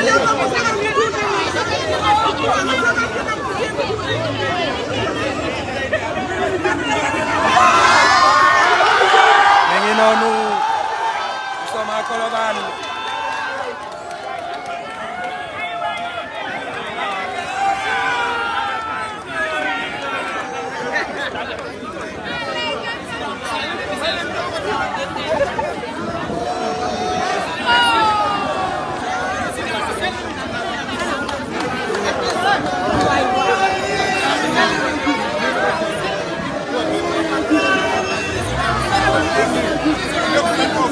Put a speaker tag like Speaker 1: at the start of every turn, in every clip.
Speaker 1: Mengi
Speaker 2: nonou, sou man kolobani.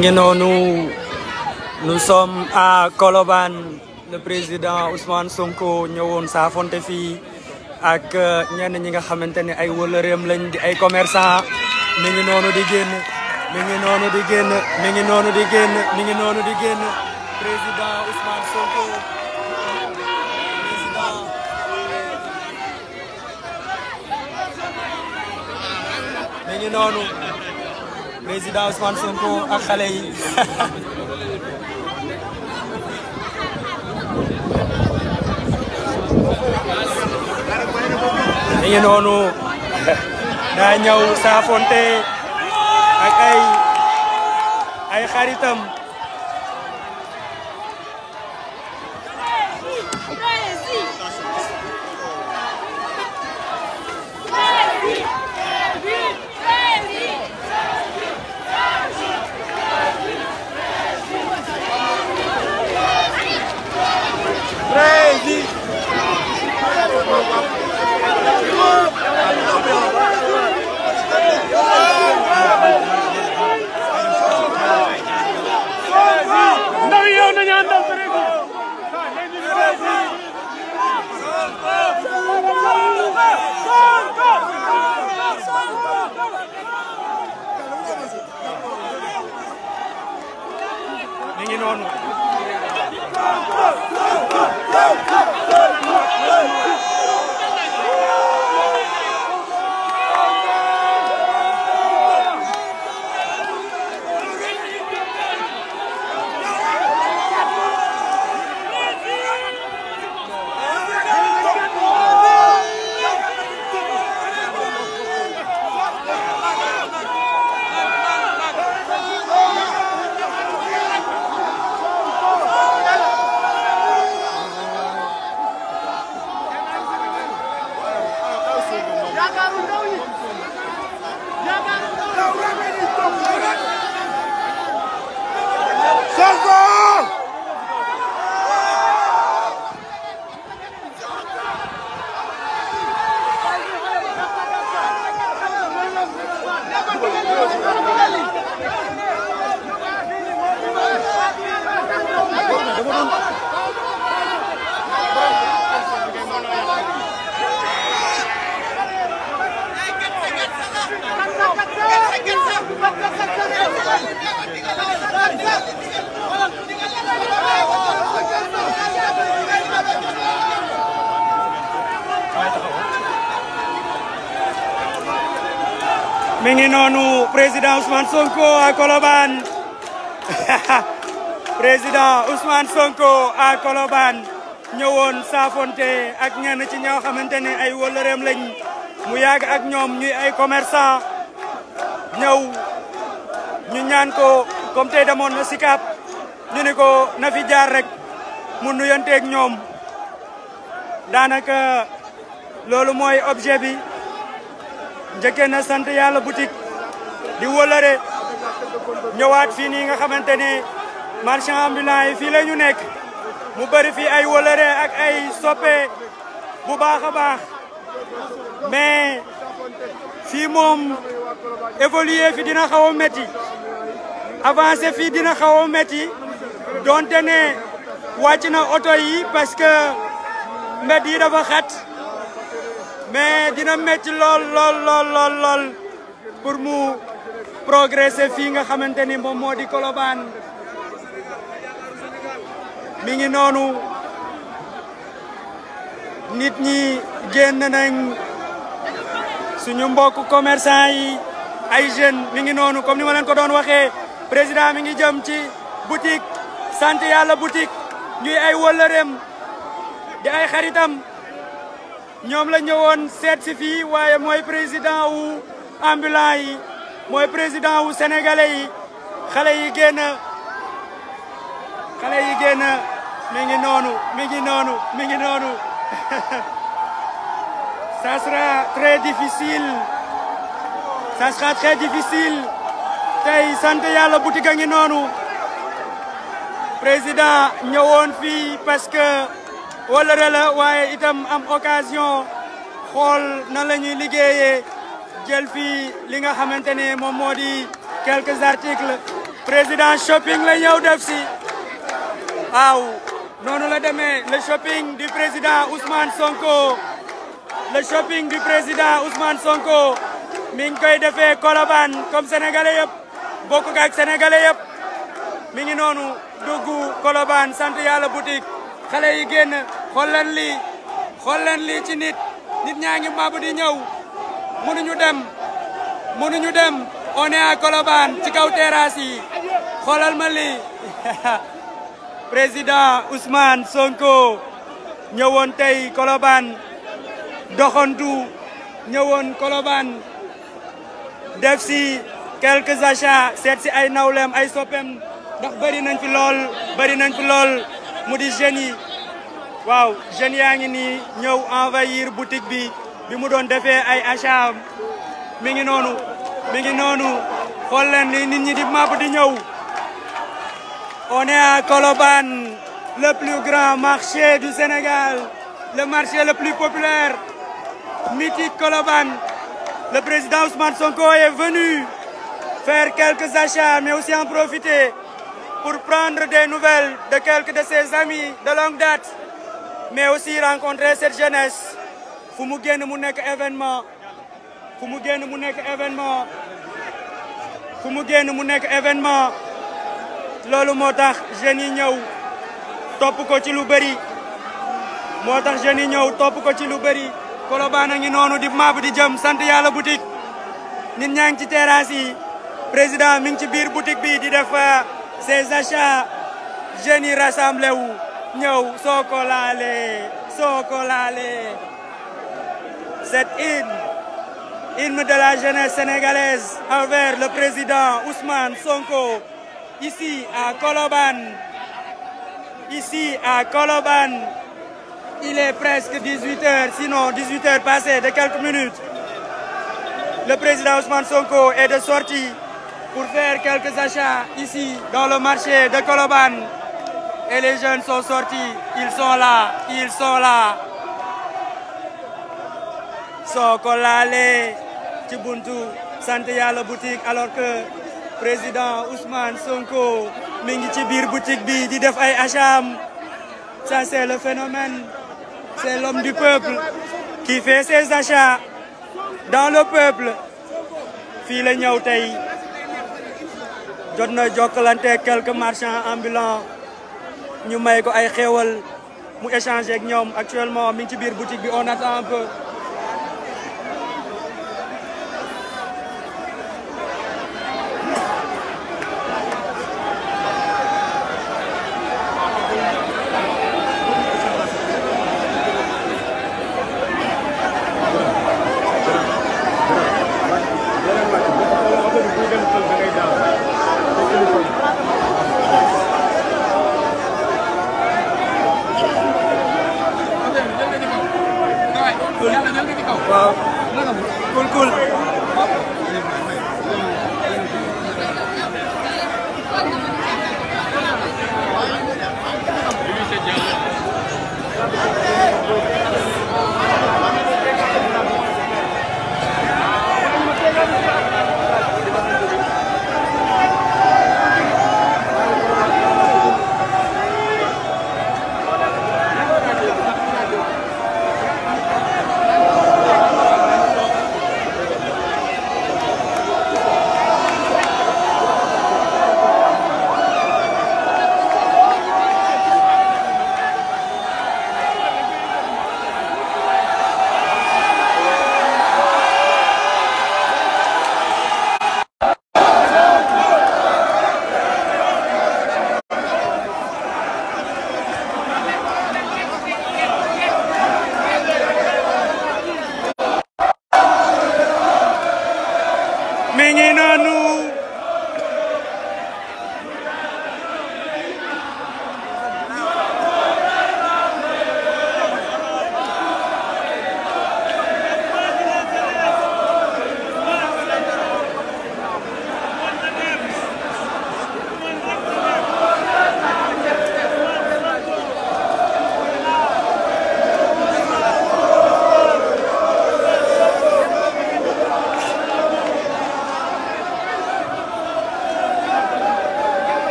Speaker 2: ngi noonu nous sommes à Colobane le président Ousmane Sonko ñëwoon saafonte fii ak ñenn ñi nga xamante ne ay wëlëreem lañ di ay commerçant mi ngi noonu di génn mi ngi noonu di génn mi ngi di génn mi ngi di génn
Speaker 1: président Ousmane Sonko
Speaker 2: président mi ngi président Ousmane Sonko ak xale yi mi ngi saafonte ay xaritam mi ngi noonu président Ousmane Sonko à Colobane président Ousmane Sonko à Colobane ñëwoon saafonte ak ñenn ci ñoo xamante ni ay wëllëreem lañ mu yàgg ak ñoom ñuy ay commerçant ñëw ñu ñaan ko comme tay demone na sikap ñu ne ko na fi jaar rek mu ak ñom danaka lolu moy objet bi njëkkee na sante yalla boutique di wolare ñëwaat fi ni nga xamante marchand ambulant yi fi la nekk mu bari fi ay wolare ak ay soppe bu baaxa baax mais fii moom évoluer fi dina xaw a métti avancer fi dina xaw a métti donte ne wàcc na oto yi parce que mbedd yi dafa xat mais dina métti lool lool lool lool lool mu progresser fii nga xamante ni moom moo di Colobane mi ngi noonu nit ñi génn nañ. suñu mbokk commerçant yi ay jeunes mi ngi nonu comme ni ma len ko doon waxee président mi ngi jëm ci boutique sante yalla boutique ñuy ay wëllëreem di ay xaritam ñom la ñëwoon seet ci fi waye moy président wu ambulant yi moy président wu sénégalais yi xalé yi genn xalé yi genn mi ngi nonu mi ngi nonu mi ngi Ça sera très difficile ça sera très difficile santé ya la boutique ngi nonou. président ñëwoon parce que wala avez waye itam am occasion xol na la ñuy liggéeyee jël fii li nga modi quelques articles président shopping la ñëw def ou waaw nonou la mais le shopping du président Ousmane Sonko. le shopping du président Ousmane Sonko mi ngi koy defee Colobane comme sénégalais bokk ak sénégalais yëpp mi ngi noonu dugg Colobane sant yàlla boutique xale yi génn xool leen lii ci nit nit ñaa ngi mabu di ñëw mënuñu dem mënuñu dem on est à ci kaw terrasse yi xoolal ma lii président Ousmane Sonko ñëwoon tey Colobane doxantu ñëwoon Colobane def si quelques achats seet si ay nawleem ay soppeem ndax bëri nañ fi lool bëri nañ fi lool mu di jeunes waaw jeunes yaa ngi ni ñëw envahir boutique bi bi mu doon defee ay achats mi ngi noonu mi ngi noonu xool ni nit ñi di màpp di ñëw on est le plus grand marché du Sénégal le marché le plus populaire mythique Colobane. Le président Ousmane Sonko est venu faire quelques achats, mais aussi en profiter pour prendre des nouvelles de quelques de ses amis de longue date, mais aussi rencontrer cette jeunesse. fu mu mu événement fu mu événement fu mu événement Lolo moo tax jeunes yi ñëw topp ko ci lu bëri moo tax Koloban a ngi di maab di jëm sante yalla boutique nit ñang ci terrasse yi président mi ngi bir boutique bi di def euh, ses achats jeunes yi rassemblé wu ñew soko ko soko soo cette hymne hymne de la jeunesse sénégalaise envers le président Ousmane Sonko ici à Koloban ici à Koloban Il est presque 18h, sinon 18h passées de quelques minutes. Le président Ousmane Sonko est de sortie pour faire quelques achats ici dans le marché de Koloban. Et les jeunes sont sortis, ils sont là, ils sont là. Sonko Tibuntu, ci buntu boutique alors que président Ousmane Sonko Mingi boutique bi di def ça c'est le phénomène c'est l'homme du peuple qui fait ses achats dans le peuple Fille la ñëw tey quelques marchands ambulants Nous avons échangé avec nous. actuellement boutique on attend un peu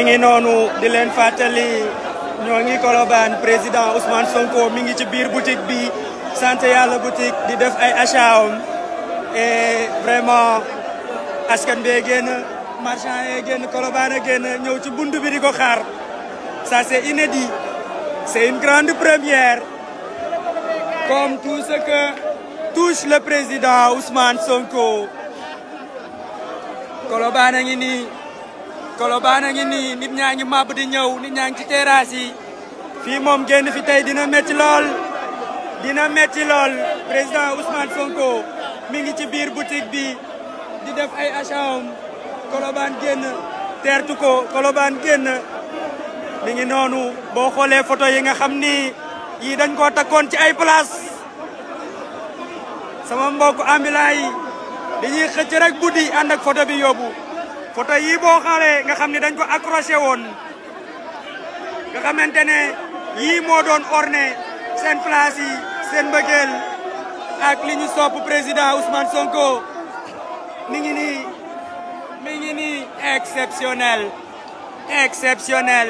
Speaker 2: mi ngi noonu di leen fàttali ñoo ngi Colobane président Ousmane Sonko mi ngi ci biir boutique bi sant yàlla boutique di def ay achats am et vraiment askan bee génn marchand yee génn Colobane a génn ñëw ci bunt bi di ko xaar ça c'est inédit c'est une grande première comme tout ce que touche le président Ousmane Sonko Colobane a Kalau a ngi nii nit ñaa ngi màbb di ñëw nit ñaa ci terrasse yi fii moom fi dina métti lol dina métti lol président Ousmane Sonko mi ngi ci biir boutique bi di def ay kalau Colobane génn teertu ko Colobane génn mi ngi noonu boo xoolee photo yi nga xam ni yii dañ koo takkoon ci ay place sama mbokk dañuy rek buddi ak photo bi photo yi boo xaaree nga xam ni dañ ko accroché woon nga xamante ne yii moo doon orné seen place yi seen mbëggeel ak li ñu sopp président Ousmane Sonko mi ngi nii mi ngi nii exceptionnel exceptionnel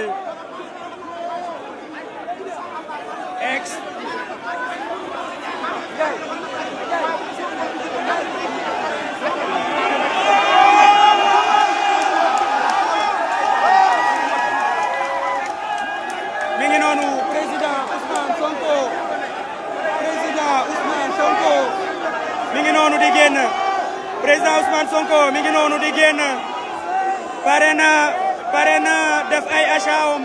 Speaker 2: ex mi ngi noonu di génn pare na pare na def ay achawam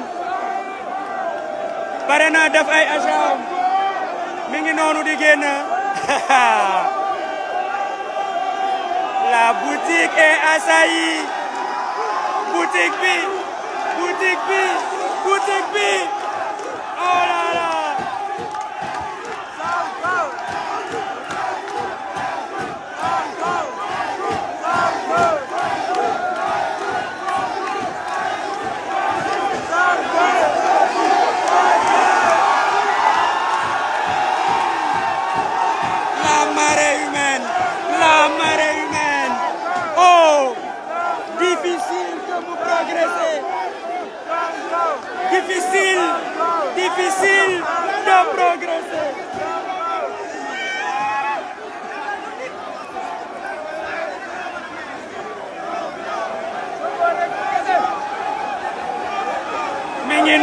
Speaker 2: pare na def ay achawam mi ngi noonu di génn la boutique est assaillie boutique bi boutique bi boutique bi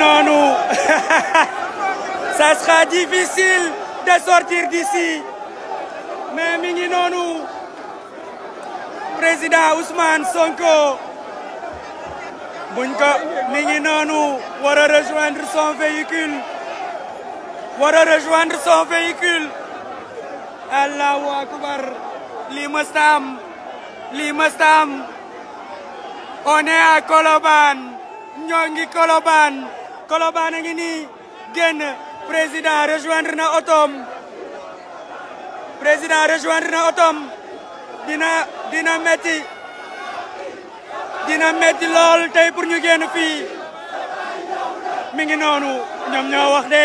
Speaker 2: nous... ça sera difficile de sortir d'ici mais mini nonou président Ousmane Sonko buñ ko mi rejoindre son véhicule Voilà rejoindre son véhicule Allahu akbar Limostam. Limostam. on est à Koloban, nyongi Koloban. Colobane a ngi nii génn président rejoindre na otoom président rejoindre na otoom dina dina metti dina metti lool tey pour ñu génn fii mi ngi noonu ñoom ñoo wax de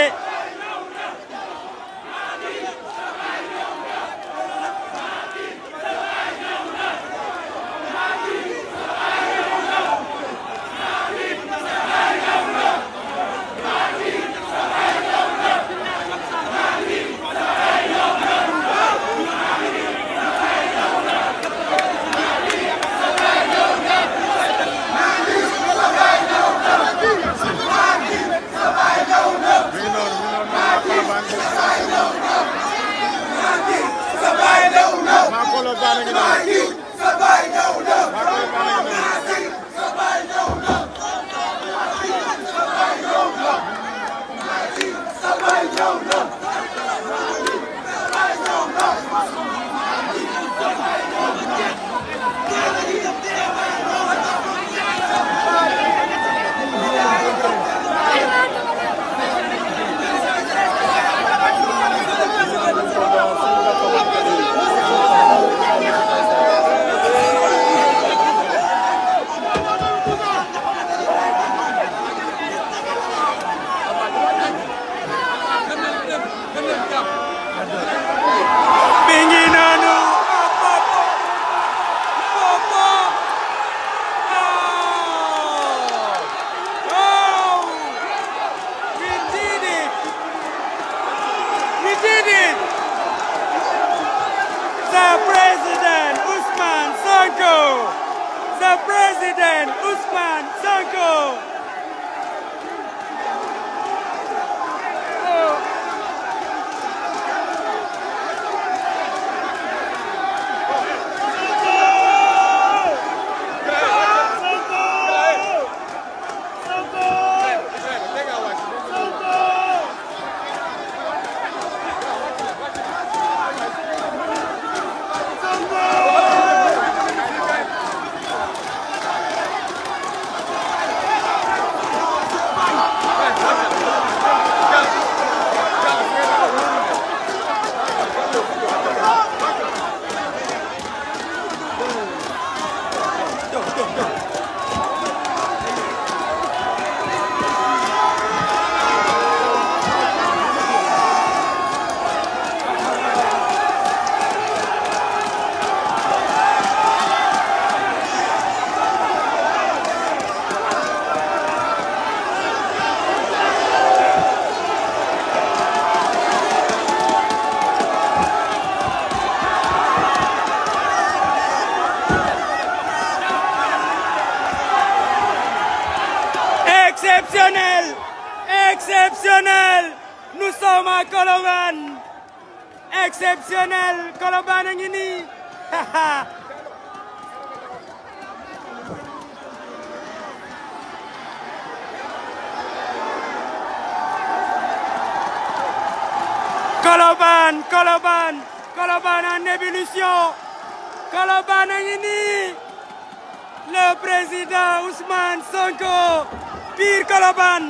Speaker 2: Colobane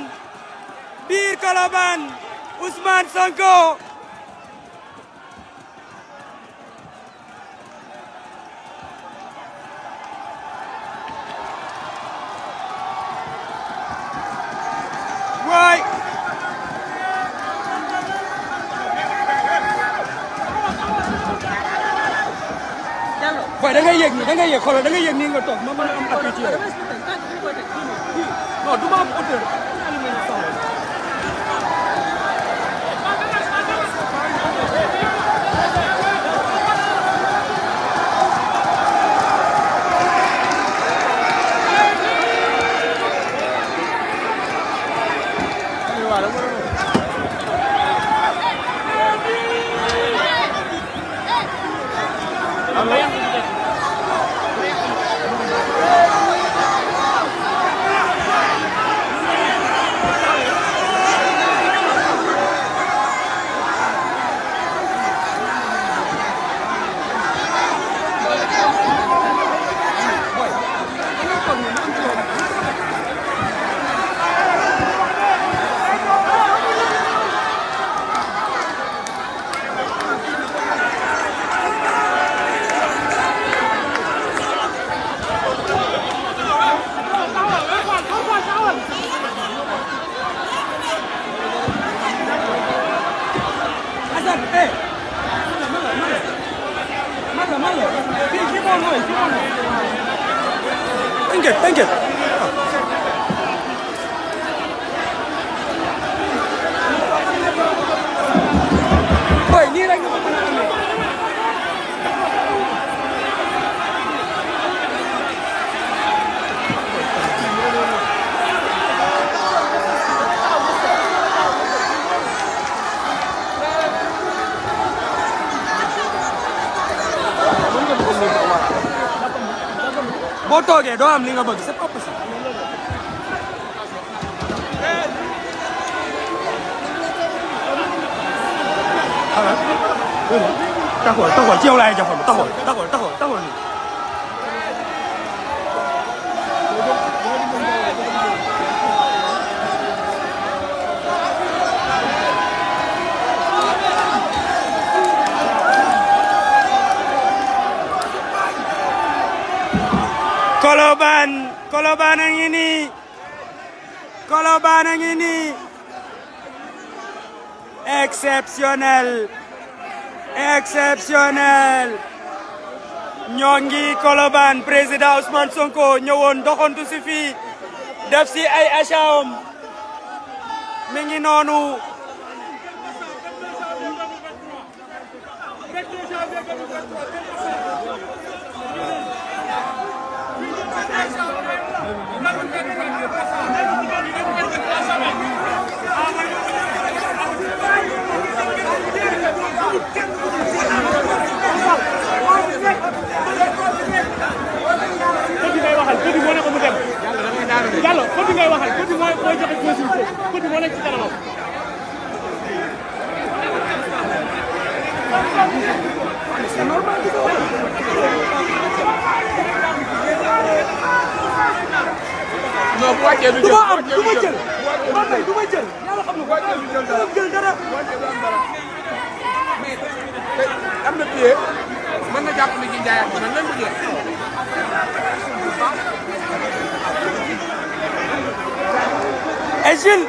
Speaker 2: biir Colobane Ousmane Sonko
Speaker 1: waay boy da ngay yëg nii da ngay yëg xoolal da ngay yëg nii
Speaker 2: nga toog ma mën a am appui ci yow non du ma am hauteur thank you, boo toogee doo am li nga bëgg c'est pas possible. taxawal taxawal ci yow laay jafandu taxawal taxawal taxawal taxawal nii. Koloban, Koloban yang ini. Koloban yang ini. Eksepsional. Eksepsional. Nyongi Koloban, Presiden Osman Sonko dokon dokon tu sifi def si ay asham, am nonu
Speaker 1: mooy joxe possibilité pour moo nekk ci kanamam. non bu wàccee du
Speaker 2: أجل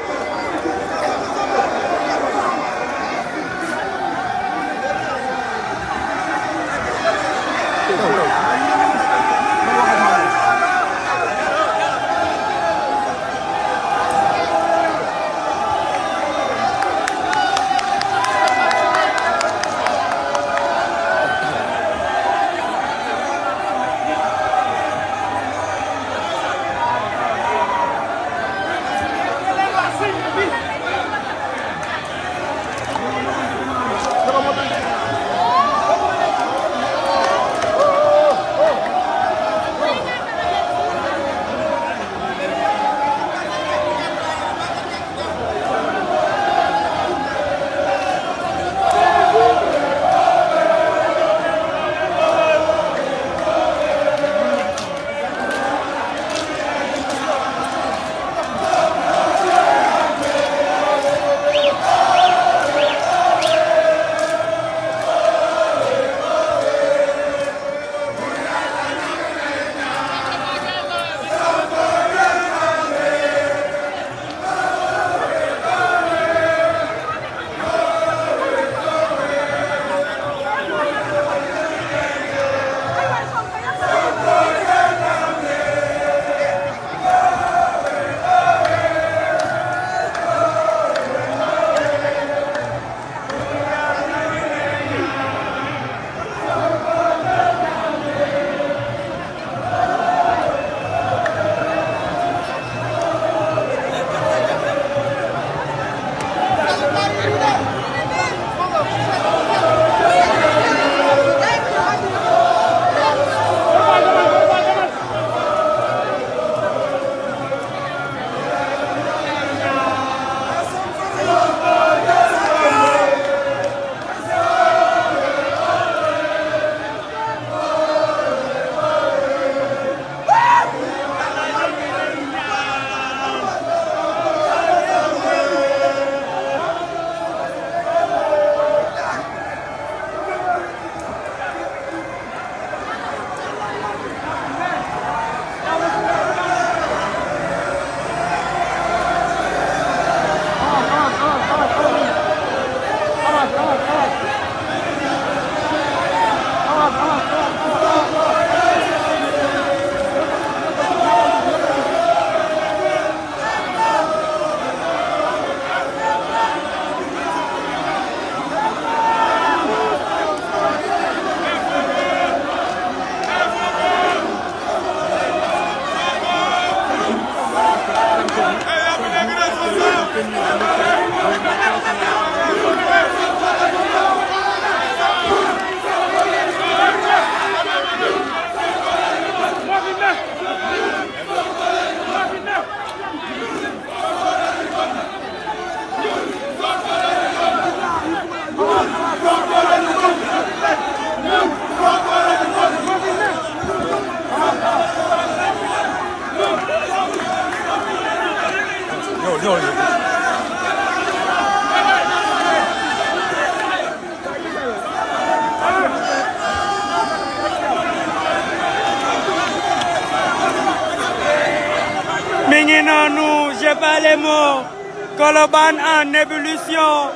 Speaker 2: Coloban en évolution,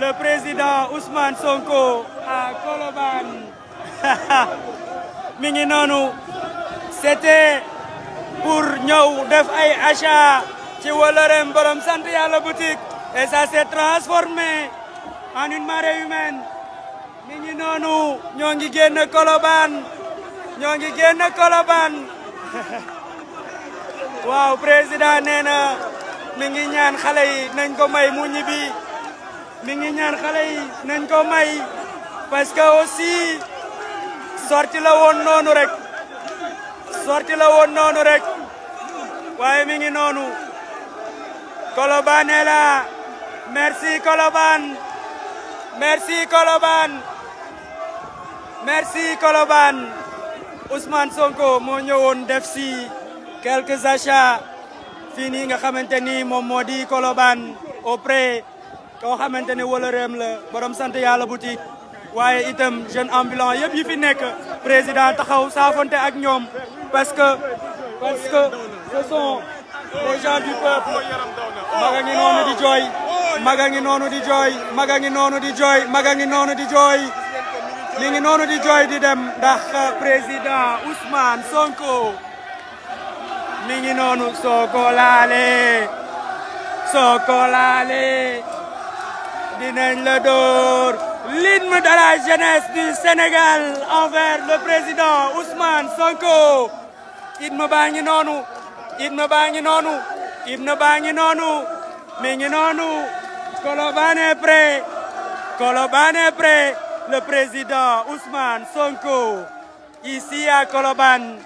Speaker 2: Le président Ousmane Sonko à Coloban. c'était pour nous def ay achat ci wàllum borom à la boutique. et ça s'est transformé en une marée humaine. Minginonu, nous, nous ñoo Coloban. Coloban. Nous président Nena. mi ngi ñaan xale yi nañ ko may mu ñibbi mi ngi ñaan xale nañ ko may parce que aussi sorti la woon noonu rek sorti la woon noonu rek waaye mi ngi noonu Colobane la merci Colobane merci Colobane merci Colobane Ousmane Sonko moo ñëwoon def si quelques achats Fini nga xamanteni mom modi koloban di Colobane auprès koo xamante ne la borom sante yalla boutique waye itam jeune ambulant yeb yi fi nek président taxaw saafonte ak ñom parce que parce que ce sont les gens du peuple maga ngi noonu di joy maga ngi di joy maga ngi di joy maga ngi di joy ngi nonu di joy di dem ndax président Ousmane Sonko mi Sokolale, Sokolale, dîner ko laalee de la jeunesse du Sénégal envers le président Ousmane Sonko hymne non nous il hymne baa non nous hymne baa nonu non nous est prêt est prêt le président Ousmane Sonko ici à Koloban.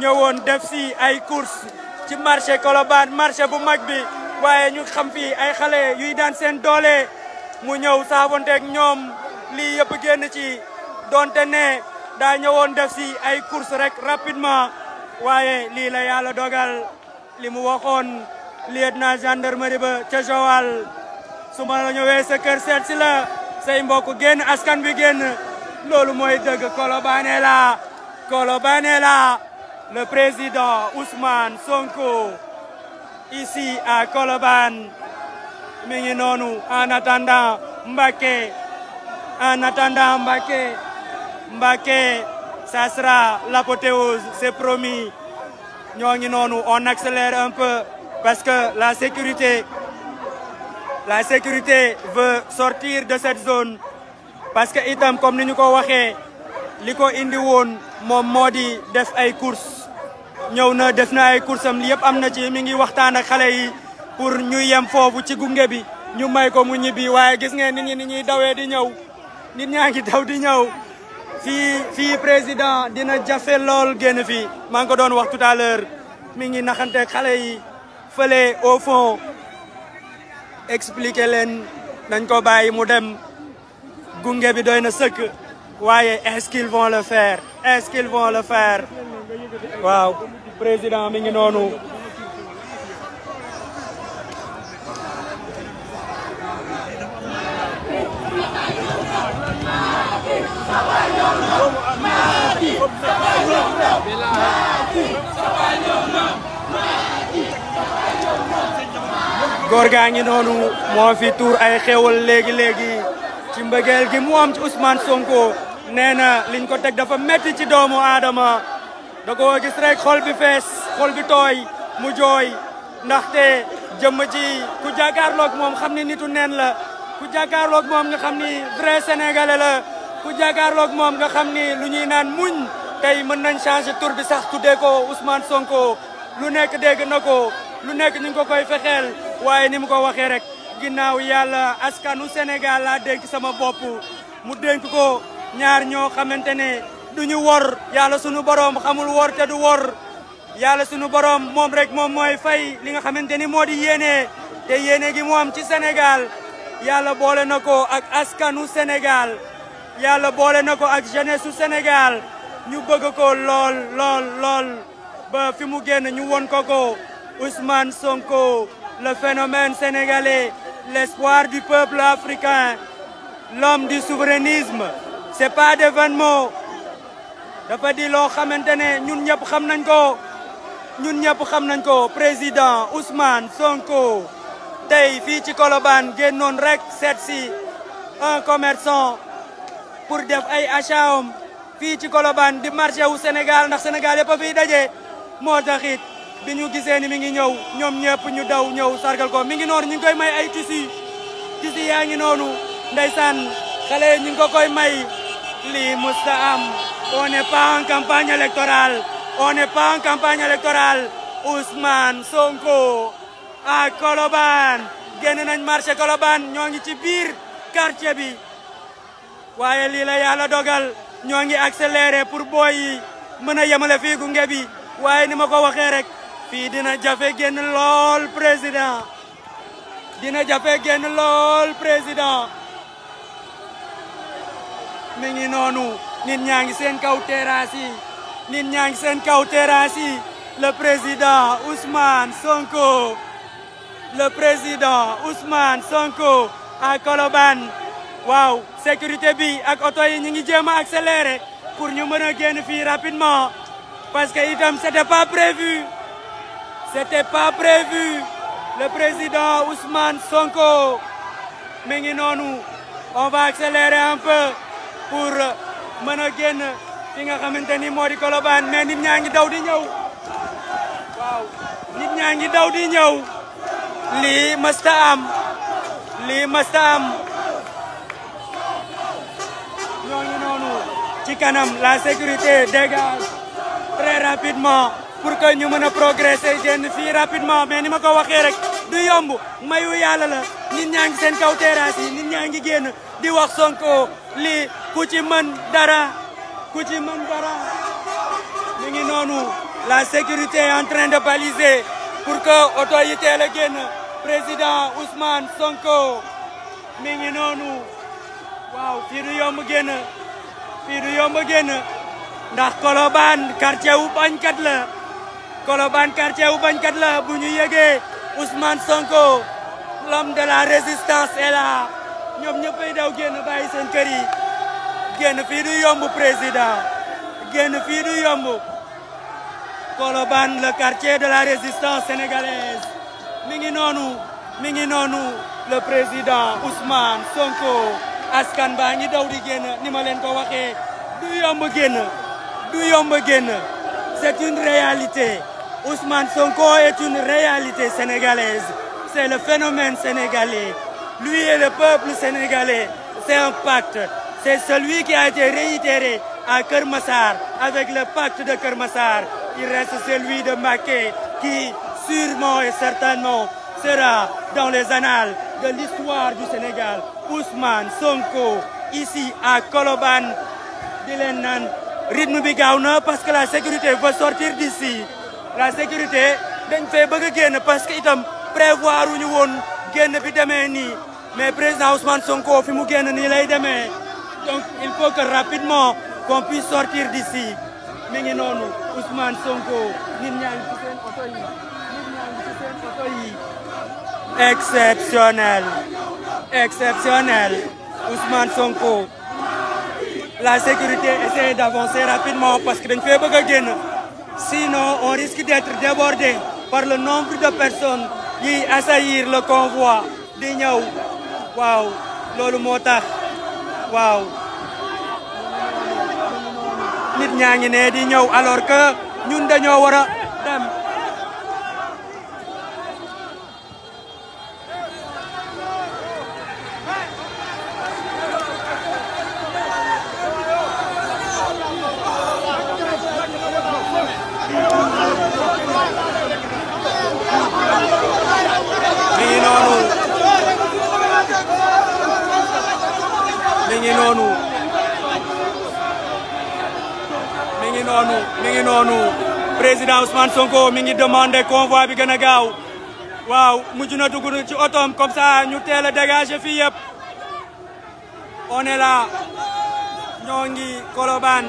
Speaker 2: ñëwoon def si ay course ci marché Colobane marché bu mag bi waaye ñu xam fii ay xale yuy daan seen doole mu ñëw saafonteeg ñoom lii yëpp génn ci donte ne daa ñëwoon def si ay course rek rapidement waaye lii la yàlla dogal li mu waxoon lieutenant gendarmerie ba ca Joal su ma la ñëwee sa kër seet si la say mbokk génn askan bi génn loolu mooy dëgg Colobane la Colobane la le président Ousmane Sonko ici à Koloban, nous en attendant Mbake, en attendant ça sera l'apothéose c'est promis nous on accélère un peu parce que la sécurité la sécurité veut sortir de cette zone parce que comme nous l'avons dit les Indiens indi de ñëw na def na ay course am yëpp am na ci mi ngi waxtaan ak xale yi pour ñu yem foofu ci gunge bi ñu may ko mu ñibbi waaye gis ngeen nit ñi ni ñuy dawee di ñëw nit ñaa ngi daw di ñëw fii fii président dina jafe lool génn fii maa ngi ko doon waxtu tout à mi ngi naxante xale yi fële au fond expliquer leen nañ ko bàyyi mu dem gunge bi doy na sëkk waaye est-ce le faire est-ce le faire waaw président mi ngi noonu góor gaa ngi noonu moo fi tuur ay xewal léegi léegi ci mbëggeel gi mu am ci Ousmane Sonko nee na liñ ko teg dafa metti ci doomu Adama da ko gis rek xol bi fees xol bi tooy mu jooy ndaxte jëmm ji ku jàkkaarloog moom xam ni nitu neen la ku jàkkaarloog moom nga xam ni vrai sénégalais la ku jàkkaarloog moom nga xam ni lu ñuy naan muñ tey mën nañ changé tur bi sax tuddee ko Ousmane Sonko lu nekk dégg na ko lu nekk ñu ngi ko fexeel waaye ni mu ko waxee rek ginnaaw yàlla askanu Sénégal laa dénk sama bopp mu dénk ko ñaar ñoo xamante ne duñu wor yalla suñu borom xamul wor té du wor yalla suñu borom mom rek mom moy fay li nga xamanteni ni di yéene te gi mu am ci Sénégal yalla bolé nako ak askanu Sénégal yalla bolé nako ak jeunesse su Sénégal ñu bëgg ko lol lol lol ba fi mu ñu won ko ko Ousmane Sonko le phénomène sénégalais l'espoir du peuple africain l'homme du souverainisme c'est pas des vains dafa di loo xamante ne ñun ñëpp xam nañ ko ñun ñëpp xam nañ ko président Ousmane Sonko tey fii ci Colobane génnoon rek seet si un commerçant pour def ay achat am fii ci Colobane di marché wu Sénégal ndax Sénégal yëpp a daje moo tax it bi ñu gisee ni mi ngi ñëw ñoom ñëpp ñu daw ñëw sargal ko mi ngi noonu ñu ngi koy may ay kisi tissu yaa ngi noonu ndeysaan xale ñu ngi ko koy may lii musta am On n'est pas en campagne électorale. On n'est pas en campagne électorale. Ousmane Sonko à Colobane génn nañ marché Colobane ci biir quartier bi Waye li la yalla dogal ñoo accélérer pour boy yi mëna a fi gu ngébi. Waye ko rek fi dina jafe génn lool président dina jafé génn lool président mi ngi nit ñangi seen kaw le président Ousmane Sonko le président Ousmane Sonko à Koloban waaw sécurité bi ak côté, yi ñi ngi accélérer pour ñu mëna génn rapidement parce que ce n'était pas prévu n'était pas prévu le président Ousmane Sonko mais ngi noonu on va accélérer un peu pour mëna a fi nga xamanteni mo di Colobane mais nit ñangi li daw di ñew waaw nit ñangi daw di ñew li mësta am li mësta am ñooñu noonu ci kanam la sécurité dégage très rapidement pour que ñu mëna progresser génn fi rapidement mais nima ko waxé rek du yomb mayu yalla la nit ñangi seen kaw terrasse yi nit ñangi di wax Sonko li ku dara ku dara la sécurité est en train de baliser pour que l'autorité, le teel président Ousmane Sonko minginonu. Wow, noonu waaw fii du yomb Koloban, du yomb ndax quartier ou bañkat Koloban, quartier ou bañkat la Ousmane Sonko l'homme de la résistance est là ñoom ñëppay daw génn bàyyi seen kër yi du yomb président génn du yomb le quartier de la résistance sénégalaise mi ngi le président Ousmane Sonko askan baa ngi daw ni ma leen ko du yomb c'est une réalité Ousmane Sonko est une réalité sénégalaise c'est le phénomène sénégalais lui et le peuple sénégalais c'est un pacte c'est celui qui a été réitéré à Kermassar avec le pacte de Kermassar. Il reste celui de Maquet qui, sûrement et certainement, sera dans les annales de l'histoire du Sénégal. Ousmane Sonko, ici à Koloban, Dilenan, rythme bi parce que la sécurité veut sortir d'ici la sécurité ne fait parce qu'il itam prévoir où nous génn bi le mais président Ousmane Sonko il mu donc il faut que rapidement qu'on puisse sortir d'ici Mais Ousmane Sonko exceptionnel exceptionnel Ousmane Sonko la sécurité essaie d'avancer rapidement parce que ne fait pas sinon on risque d'être débordé par le nombre de personnes qui assaillir le convoi di waaw nit ñaa ngi ne di ñëw alors que ñun dañoo war a noonu mi noonu président Ousmane Sonko mi ngi demandé bi gën a gaaw waaw mujj na dugg ci otoom comme ñu teel a dégager fii yëpp on est là ñoo ngi Colobane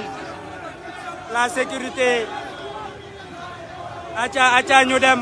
Speaker 2: la sécurité aca ñu dem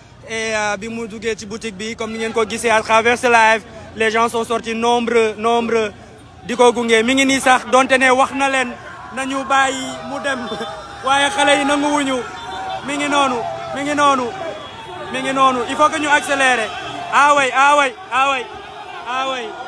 Speaker 2: et euh, boutique comme ni ngeen ko à travers ce live les gens sont sortis nombreux nombreux du ko mi ngi il faut que nous accélérer ah ah ah oui ah oui ah ah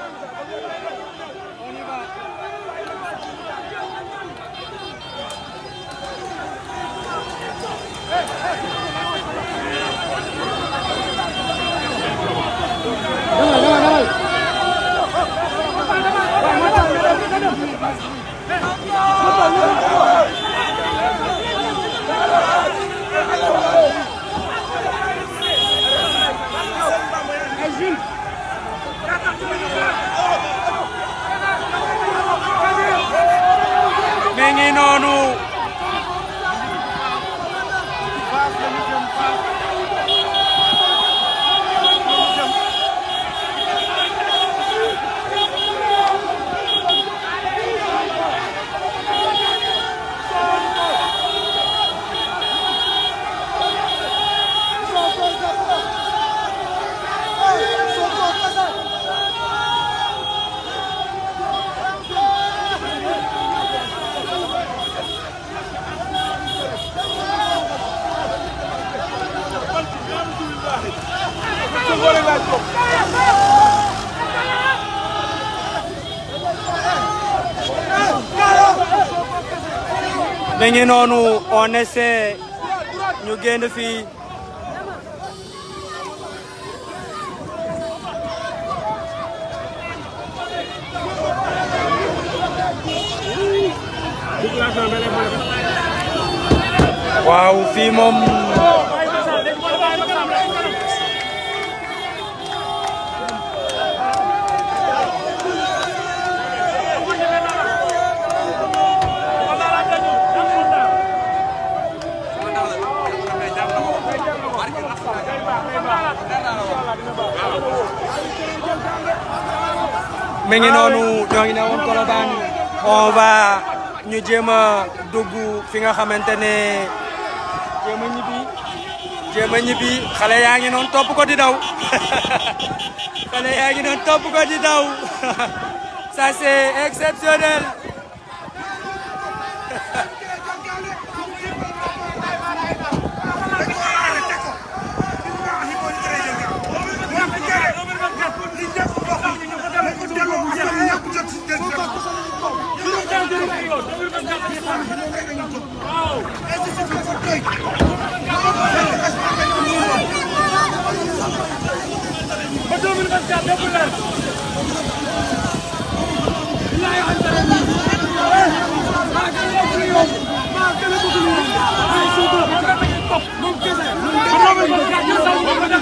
Speaker 2: ngi noonu on essaie ñu génn fii waaw fii moom mi ngi noonu ñoo ngi ne woon Colobane ñu jéem a dugg fi nga xamante ne jéem a ñibbi jéem xale yaa ngi noonu topp ko di daw xale yaa topp ko di daw ça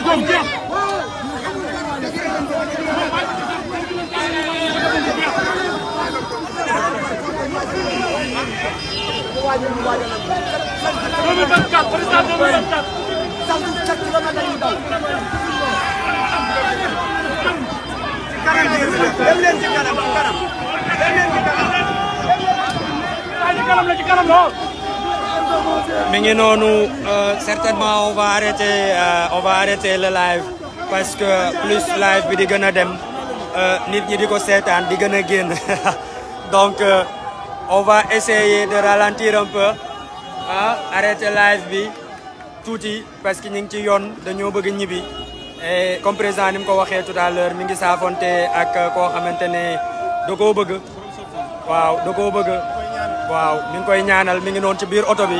Speaker 1: Don't get waajal
Speaker 2: ngi noonu euh, certainement on va arrêter euh, live parce que plus live bi di gën dem euh, nit ñi di ko seetaan di gën a génn donc. on va essayer de ralentir un peu ah, live bi tuuti parce que ñu ngi ci yoon dañoo bëgg ñibbi et comme président ni ko waxee tout à l'heure mi ngi saafonte ak koo xamante ne da koo bëgg waaw da koo bëgg waaw mi ngi koy ñaanal mi ngi noonu ci biir oto bi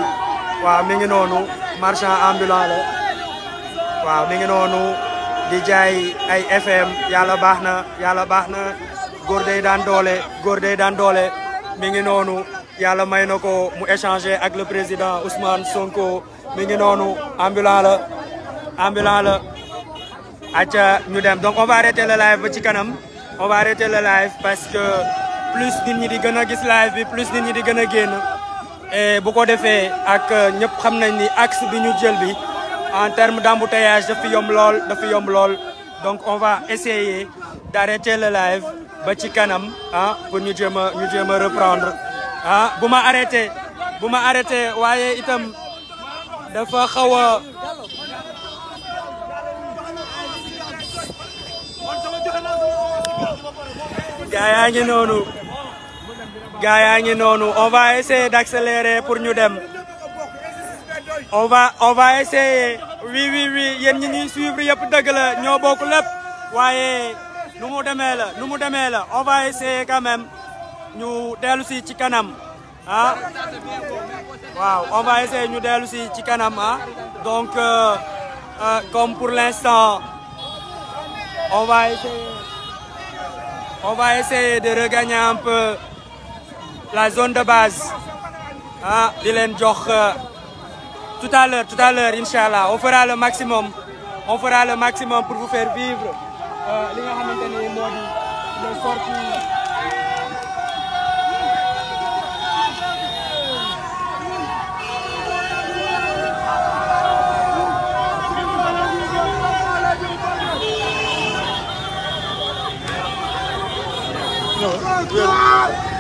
Speaker 2: waaw mi ngi noonu marchand ambulant waaw mi ngi noonu di jaay ay FM yàlla baax na yàlla baax na góor day daan doole góor day daan doole mingi ngi yalla may ko mu échanger ak le président Ousmane Sonko mingi ngi ambulance. ambulant la ambulant la ñu dem donc on va arrêter le live ci kanam on va arrêter le live parce que plus nit ñi di gëna gis live bi plus nit ñi di gëna génn et bu ko défé ak euh, ñëpp xam nañ ni axe bi ñu jël bi en terme d'embouteillage dafa yom lool dafa yom lool donc on va essayer d'arrêter le live ba ci kanam ah pour ñu jéem a ñu jéem a reprendre ah bu ma arrêté bu ma arrêté waaye itam dafa xaw a gaa yaa ngi noonu gaa yaa ngi noonu on va essayer d'accélérer pour ñu dem on va on va essayer oui ñi ñuy suivre yëpp dëgg la ñoo bokk lépp waaye Nous nous demandons, nous on va essayer quand même nous dellu si ci on va essayer ñu nous si ci ah. donc euh, euh, comme pour l'instant on va essayer on va essayer de regagner un peu la zone de base ah euh, tout à l'heure tout à l'heure inchallah on fera le maximum on fera le maximum pour vous faire vivre li nga xamante ni di le sortie
Speaker 1: No.